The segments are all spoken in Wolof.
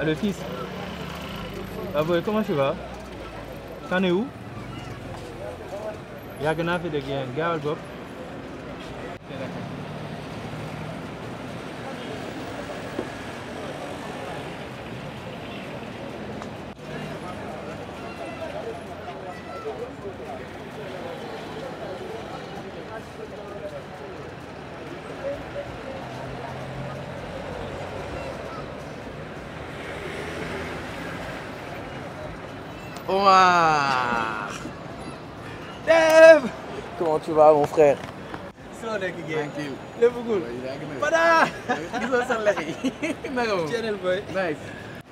Ah, le fils Ah boy, comment tu vas T'en es où Y'a de gain, Gaël Bob. Ouah Dev Comment tu vas mon frère soo nekk géej kii lépp gul Fada gisoo sa lex yi naka moom ceenel boy nice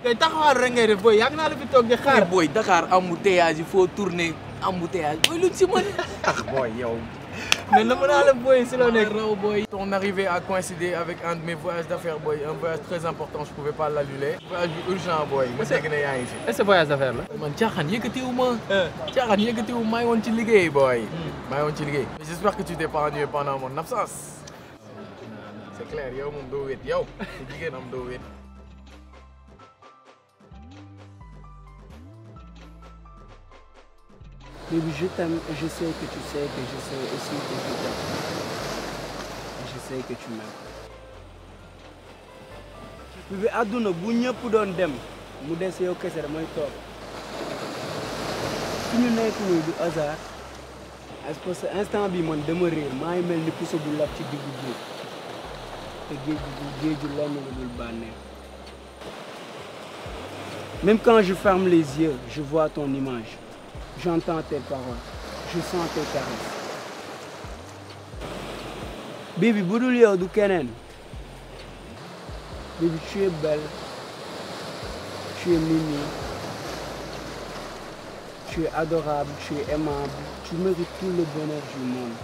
tey taxawaar rek ngay def booy yàgg naa la fi toog di xaar booy Dakar embouteillage yi foo tourner embouteillage booy luñ si mën ah booy yow mais la mën a la booy si la nekk raw booy. ton arrivée a coïncidé avec un de mes voyages d'affaires booy un voyage très important je pouvais pas l'annuler. voyage bi urgent booy. ma dégg ne yaa ngi si. est-ce que la. man caaxaan yëkkatiwu ma. Euh. caaxaan yëkkatiwu maa ngi woon ci liggéey booy. Hmm. maa ngi woon ci liggéey. j'espère que tu t'es pas ennuyé pendant mon absence. c'est clair yow moom doo wét yow. te jigéen am Baby, je t'aime et je sais que tu sais que je sais aussi que je t'aime. Je sais que tu m'aimes. Baby àdduna bu ñëpp doon dem mu des yow kese mooy toog fi ñu nekk nii du hasard parce que instant bi man dama réer maa ngi mel ni puso bu lab ci diggu géej te ju bu géeju lenn la dul bànneex même quand je ferme les yeux je vois ton image J'entends tes Je sens tes caresses. bu dul yow du keneen. Bibi tu es belle. Tu es mimi. Tu es tu es Tu le bonheur du monde,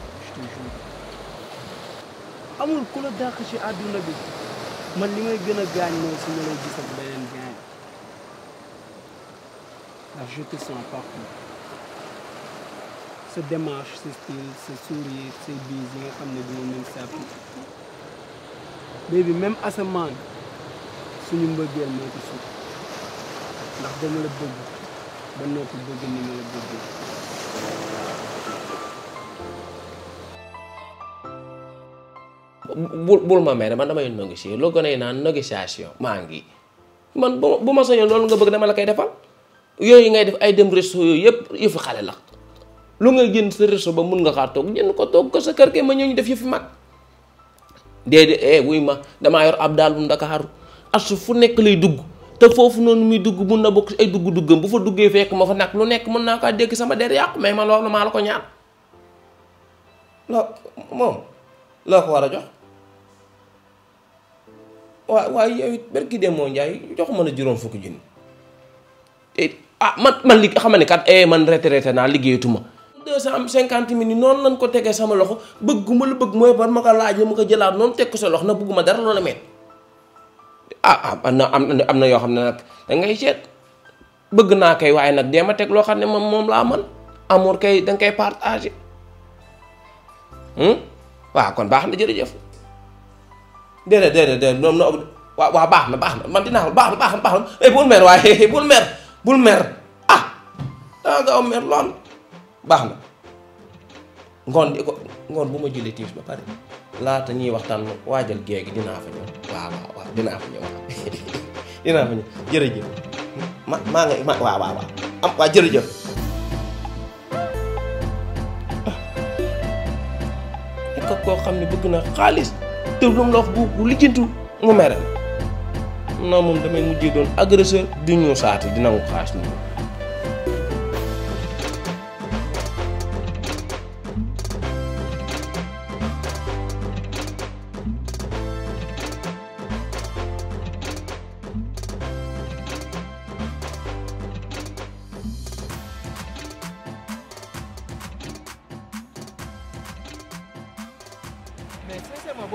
amul ku la dàq ci àdduna bi man li may gën a gaañ mooy su ma lay gis ak beneen gaañ ndax ah, je te sens partout sa démarche sa style sa sourire say bise yi nga xam ne dina mën sàpp baby même asamaan suñu mbëggeel moo ko suuf ndax dama la bëgg ba noppi bëgg ni ma la bëggee bul bul ma mere man damay négociation maa ngi man bu ma soñoon loolu nga bëgg dama la koy defal yooyu ngay def ay dem resto yooyu yëpp yëfu xale la lu nga génn sa réseau ba mun nga xaar toog jënd ko toog ko sa kër ke ma ñëw ñu def yëf mag déedéet eh wuy ma damaa yor ab daal bu ndakaaru asu fu nekk lay dugg te foofu noonu muy dugg mun na bokk ay dugg-duggam bu fa duggee fekk ma fa nag lu nekk mën naa kaa dégg sama der yàqu mais ma loolu maa la ko ñaan loo moom loo ko war a jox waaw waaye yow it barki dem moo njaay jox mën a juróom fukki junni eh, ah man man li xam ne kat eh man retraité naa liggéeyatuma deux cent cinquante mille noonu lañ ko tegee sama loxo bëgguma lu bëgg mooy ban ma ko laajee ma nga jëlaat noonu teg ko sa loxo na bëgguma dara loola ah ah am na am na yoo xam ne nag da ngay seet bëgg naa kay waaye nag dee ma teg loo xam ne moom moom laa man amour kay da koy partagé hmm? waaw kon baax na jërëjëf déedéet déedéet déedéet noonu noonu waaw waaw baax na baax na man dinaa baax na baax na baax na eh, bul mer waaye bul mer bul mer ah danga gaaw mer lool. baax na ngoon di ngoon bu ma julli tiis ba pare laata ñuy waxtaan waajal gée gi dinaa fa ñëw waaw waaw waaw dinaa fa ñëw dinaa ma maa nga ma waaw waaw waaw am waa jërëjëf nekk ah. koo xam ne bëgg na xaalis te lu mu la wax bu bu lijjantu mu mere non moom damay mujjee doon agresseur du ñu saati dina ko xaas ñu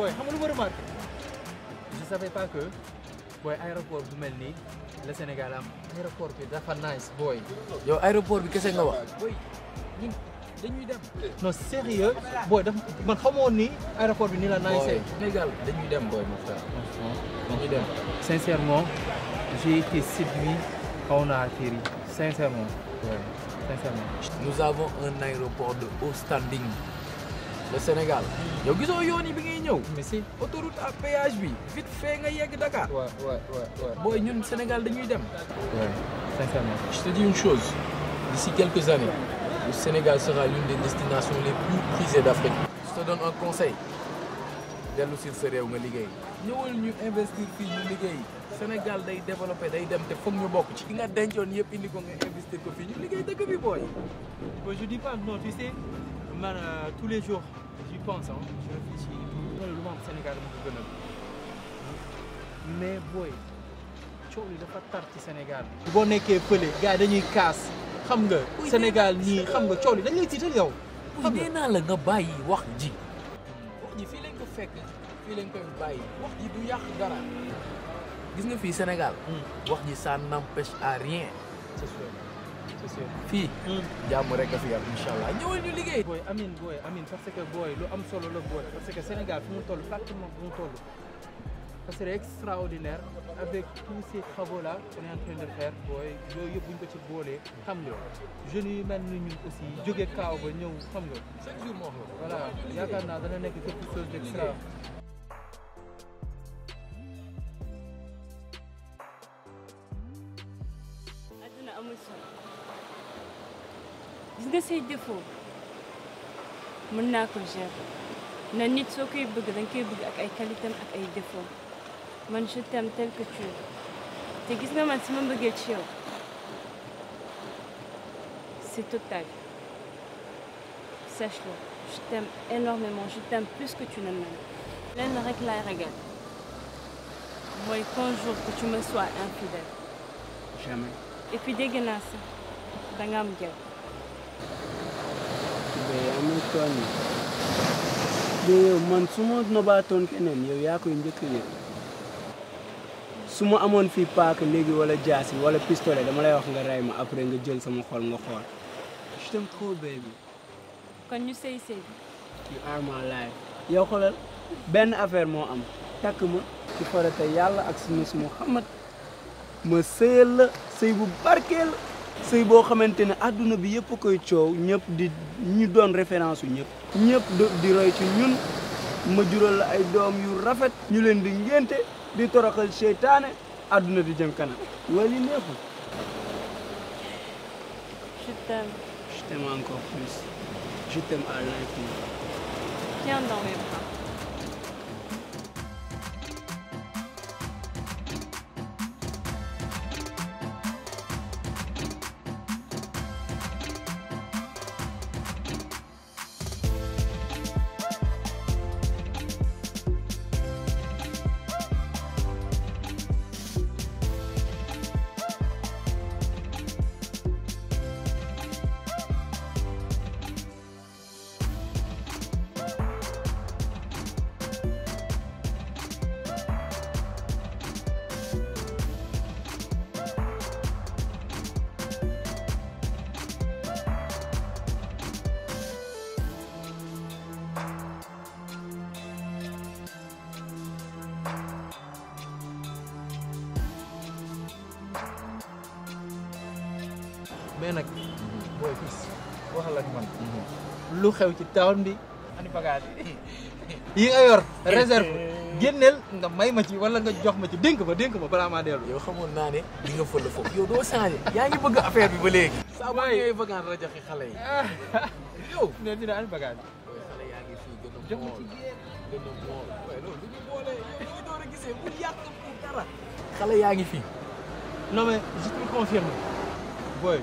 booy xam nga lu ma remarqué je savais pas que booy aéroport bu mel ni la Sénégal am aéroport bi dafa nice booy. yow aéroport bi kese nga wax. dañuy dem. non sérieux booy dafa man xamoon ni aéroport bi ni la nice. booy Sénégal dañuy dem booy Moussa. dañuy dem sincèrement j'ai été séduit xaw naa atterri sincèrement. sincèrement. nous avons un de haut standing. le Sénégal yow gisoo yoon yi bi ngay ñëw. mais si autoroute à péage bi vite fait nga yegg Dakar. waaw booy ñun Sénégal dañuy dem. waaw sincèrement. si te dis une chose d'ici quelques années le Sénégal sera l'une des destinations les plus prisées d'Afrique. je te donne un conseil dellu si sa réew nga liggéey. ñëwal ñu investir fii ñu liggéey Sénégal day développé day dem te foog ñu bokk ci. ki nga dencoon yëpp indi ko nga investir ko fii ñu liggéey dëkk bi booy. Euh, les jours. pense hein je réfléchis loolu lu ma am Sénégal ma mais booy coow li dafa tar ci Sénégal boo nekkee fële gars yi dañuy kaas xam nga Sénégal nii xam nga coow li dañ lay tiital yow xam nga naa la nga bàyyi wax ji wax ji fii lañ ko fekk fii lañ koy bàyyi wax ji du yàq dara gis nga fii Sénégal mm. wax ji ça n'empêche à rien fii jàmm rek a fi am incha allah ñëwal ñu liggéey booy amin booy amin parce que booy lu am solo la booy parce que Sénégal fi mu toll pratiquement fi mu toll ça serait extraordinaire avec tous ces travaux là qu'on est en train de faire booy yooyu yëpp bu ñu ko ci boolee xam nga jeunes yu mel ni aussi jóge kaaw ba ñëw xam nga chaque jour moo xam voilà yaakaar naa dana nekk quelque chose nga say défaut naa ko gérer na nit soo koy bëgg da nga koy bëgg ak ay qualité ak ay défaut man je t'aime tel que tu te gis nga man si ma bëggee ci yow c'est total sache-le je t'aime énormément je t'aime plus que tu ne m'aimes lenn rek laay mooy qu'un jour que tu me sois infidèle jamais et naa sax da nga am jël mais amul tooñ de yow man su ma nobaatoon keneen yow yaa koy njëkk yow su ma amoon fii paaka léegi wala jaasi wala pistolet dama lay wax nga rey ma après nga jël sama xol nga xool je t'aime trop baby kon ñu sëy sëy you are my yow xoolal benn affaire moo am takk ma ci farata yàlla ak sunu su Muhammad ma sëyal la sëy bu barkeel la sëy boo xamante ne àdduna bi yëpp koy coow ñëpp di ñu doon référence yu ñëpp ñëpp di roy ci ñun ma jural la ay doom yu rafet ñu leen di ngénte di toroxal seytaane àdduna di jëm kanam wala mais nag mhm. booy fii waxal ak man mhm. lu xew ci town bi ani bagage yi nga yor réserve nga may ma ci wala nga jox ma ci dénk ma dénk ma balaa ma dellu yow xamoon naa ne di nga fël foofu yow doo changé yaa ngi bëgg affaire bi ba léegi saa boo ñëwee vacances la joxe xale yi yow ne dina yaa ngi fi gën a jox ma ci gën a booy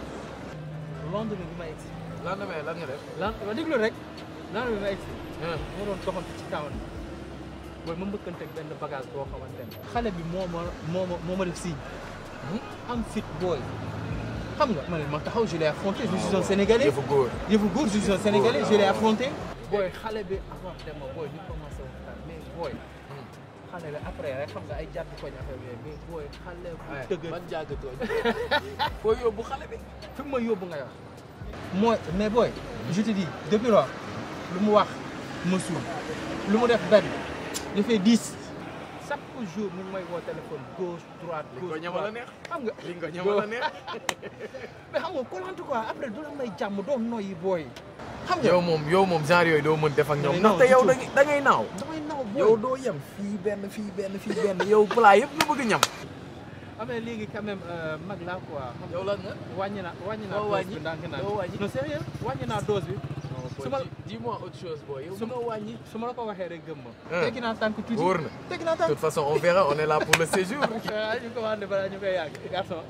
lendemain bi ma egg si. lendemain lan nga def. lan ma déglu rek lendemain bi ma egg si. moo doon doxantu ci town bi. booy ma mbëkkanteeg benn bagage boo xamante ne xale bi moo ma moo ma moo ma def signe. mu am fit booy. xam nga ma ne ma taxaw je l'ai affronté je suis un sénégalais yëfu góor yëfu góor je booy xale bi affronté ma booy ñu commencé waxtaan mais booy. xale la ay jàpp koñ affaire yooyu mais booy xale bi fi mu ma yóbbu nga wax mooy mais booy je te depuis lors lu mu wax ma lu mu def benn dafay dix chaque jour mu woo téléphone gauche droite gauche droite xam nga. li nga ñamal a neex. mais xam nga kolante quoi après du la may jàmm yow moom yow moom genre yooyu doo mën def ak ñoom. ndaxte yow da ngay naaw. damay yow doo yem fii benn fii benn fii benn yow plat yëpp nga bëgg ñam. amee ah, léegi quand même euh, mag laa quoi. yow lan nga wàññi na wàññi naa dose bi ndànk naa. non sérieux naa dose bi. su ma dis-moi autre chose booy. yow mënoo wàññi su ma la ko waxee rek gëm ma. Ah, teggi naa tànk tuuti na teggi naa tànk. de toute façon on verra on est là pour le séjour. Ah, ñu commandé balaa ñu koy yàgg garçon.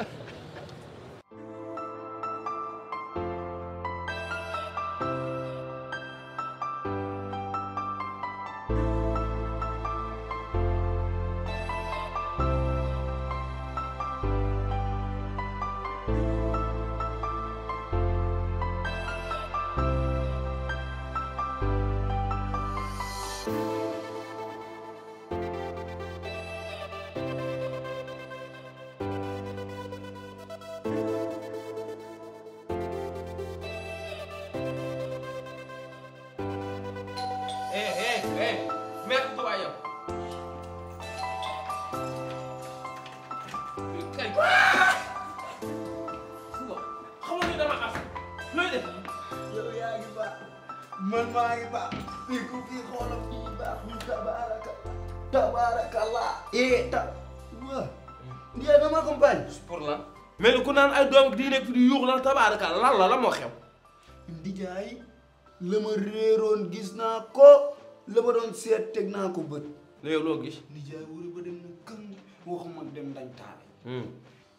tabarakallah eh ta waaw. Ndiaye dama accompagne. pour lan. mais ku naan ay doom di nekk fi di yuux lan tabarakallah lan la la moo xew. Ndiaye la ma réeroon gis naa ko la ma doon seet teg naa ko bët. la yow loo gis. Ndiaye wala ba dem na kën waxuma dem dañ taale.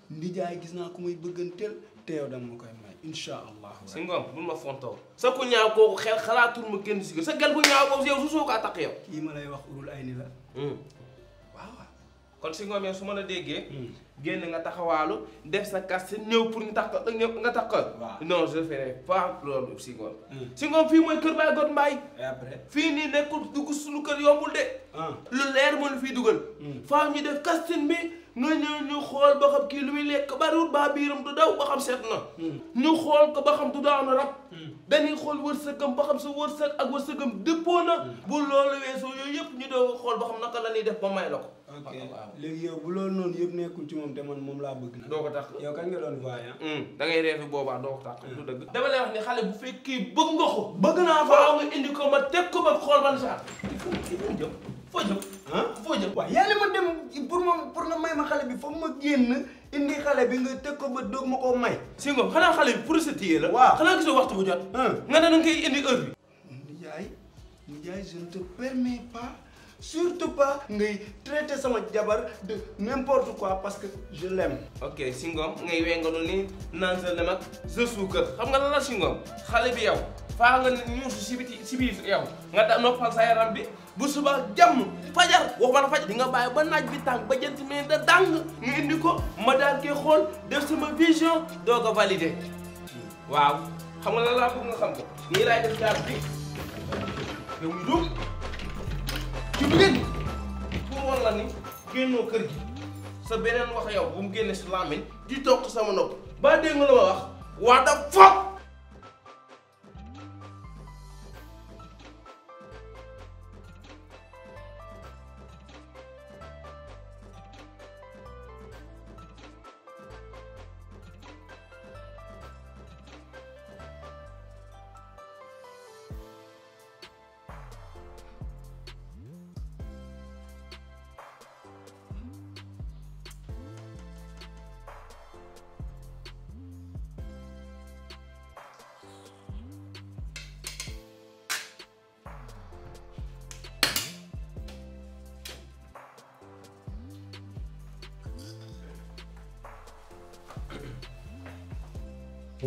Ndiaye gis naa ko may bëgganteel te yow dama koy may. incha allah si ngoom bul ma fontaw sa ku ñaaw kooku xel xalaatul ma génn si sa gel bu ñaaw boobu yow su soo ko attaqué yow kii ma lay wax urul ay ni la hmm. kon si ngoom su ma la déggee. Hmm. génn nga taxawaalu def sa kastin ñëw pour ñu tax ko nga tax ko. non je ferai pas loolu si ngoom. Hmm. si ngoom fii mooy kër Baay God Mbaay. après fii nii nekkul dugg suñu kër yombul de. Ah. lu leer mën fii dugal. Hmm. faaw ñu def kastin bi nga ñu xool ba xam kii lu muy lekk bariwul baa biiram du daw ba xam seet na. ñu xool ko ba xam du daanu rab. dañuy xool wërsëgam ba xam sa sa ak wërsëgam dëppoo na. bu loolu weesoo yooyu yëpp ñu doog xool ba xam naka la ñuy def ba may la ok léegi yow bu loolu noonu yëpp nekkul ci moom te man moom laa bëgg. doo ko tax yow kañ nga doon voyant. Hmm. da boobaa doo ko tax. du dëgg dama lay wax ni xale bu fekkee bëgg nga ko. bëgg naa ko waaw nga indi ko ma teg ko ba xool ban saa. foo jëm foo jëm. ah foo ma dem pour ma pour nga may ma xale bi foog ma génn. indi xale bi nga teg ko ba doog ma koo may. si nga xanaa xale bi procédure la. waaw xanaa gisoo waxtu bu jot. nga ne da nga koy indi heure bi. Ndiaye Ndiaye je surtout pas ngay traiter sama jabar de n'importe quoi parce que je l'aime ok singom ngay wenganu ni naan sa lem ak suukar xam nga lan la xale bi yow faa nga ñuus si biti si biir yow nga da noppal yaram bi bu suba jàmm fajar waxuma la fajar di nga bàyyi ba naaj bi tàng ba jant mi da nga indi ko ma daal koy xool def sama vision doo ko valider waaw xam nga lan laa nga xam ko nii laay def jaar bi yow ñu ci bu njëkk la ni génnoo kër gi sa beneen wax yow bu mu génne si làmmiñ di toog sama nopp ba de nga la ma wax waa da foog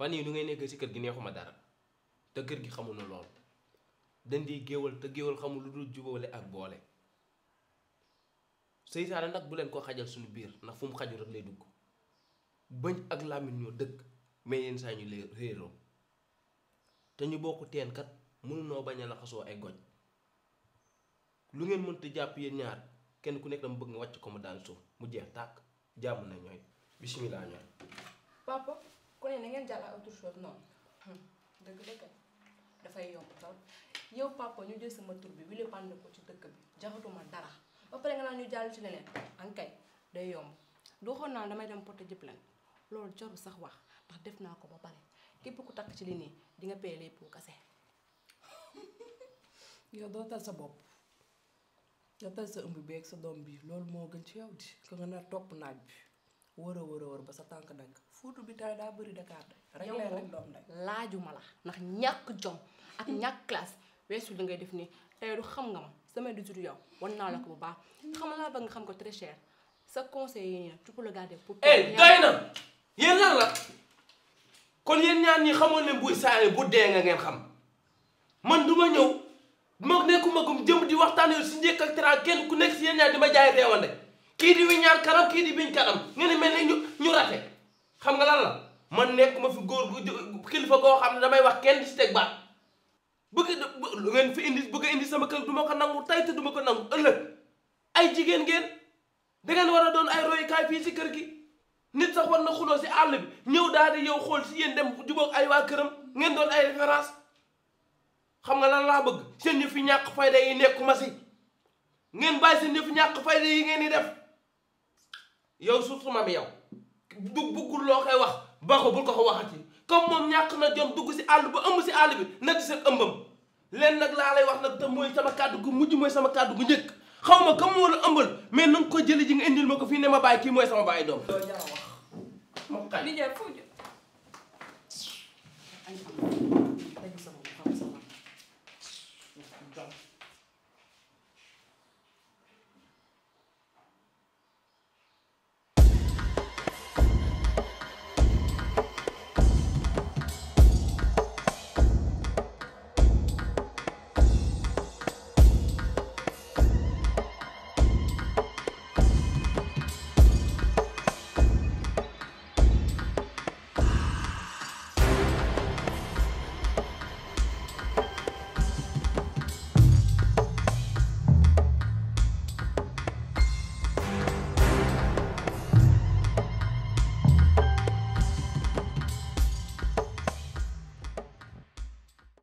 fan yii nu ngay nekkee si kër gi neexuma dara te kër gi xamuñu lool dañ di géwal te géwal xamul lu dul jubale ak boole seytaane nag bu leen ko xajal suñu biir ndax fu mu xaju rek lay dugg bañ ak làmmiñ ñoo dëkk mais yenn saa ñu réeroo te ñu bokk teenkat mënunoo bañ a laxasoo ay goj lu ngeen mënta jàpp yéen ñaar kenn ku nekk dama bëgg nga wàcc ko mu daan suuf mu jeex tàkk jàmm na ñooy bisimilah ñooy ku ne na ngeen jàll à autre chose noonu dëgg dëgg dafay yomb trop yow papa ñu jël sama tur bi wile pànd ko ci dëkk bi jaxatuma dara ba pare nga naan ñu jàll ci leneen ankay day yomb du xool naa damay dem porte plainte loolu jot sax wax ndax def naa ko ba pare képp ku takk ci li nii di nga paye les pots yow doo tal sa bopp nga tal sa ëmb bi ak sa doom bii loolu moo gën ci yow di ko nga nar topp naaj bi wërë a wër ba sa tànk dank fuutu bi tay daa bëri Dakar de rek leen doom laajuma la ndax ñàkk jom ak hmm. ñàkk classe weesu li ngay def nii tey du xam nga ma semaine du jour yow wan naa la ko bu baax hmm. xam laa bëgg nga xam ko très sa conseil yi tu peux le garder pour eh doy na yéen lan kon yéen ñaan ñi xamoon ne buy saane bu dee nga ngeen xam man du ma ñëw ma nekkuma gum jëm di waxtaan yow si njëkk ak teraanga kenn ku nekk si yéen ñaan di ma jaay reewande kii di wiñaar kanam kii di biñ kanam nga ne mel ñu rate xam nga lan la man nekk ma fi góor gu kilifa goo xam damay wax kenn teg baat bëgg lu ngeen fi indi bëgg indi sama kër du ma ko nangu tey du ma ko nangu ëllëg ay jigéen ngeen da ngeen war a doon ay royukaay fii si kër gi nit sax war na xuloo si àll bi ñëw daal di yow xool si yéen dem jubóog ay waa këram ngeen doon ay référence xam nga lan laa bëgg seen ñu fi ñàkk fayda yi nekkuma si ngeen bàyyi seen ñu fi ñàkk fayda yi ngeen di def yow surtout bi yow du buggul loo koy wax ba ko bul ko ko waxati comme moom ñàkk na jom dugg si àll ba ëmb si àll bi nag seen ëmbam leen nag laa lay wax nag te mooy sama kàddu gu mujj mooy sama kàddu gu njëkk xaw ma kam moo la ëmbal mais na nga ko jëli ji nga indil ma ko fii ne ma bàyyi kii mooy sama bàyyi doom. loolu jara wax.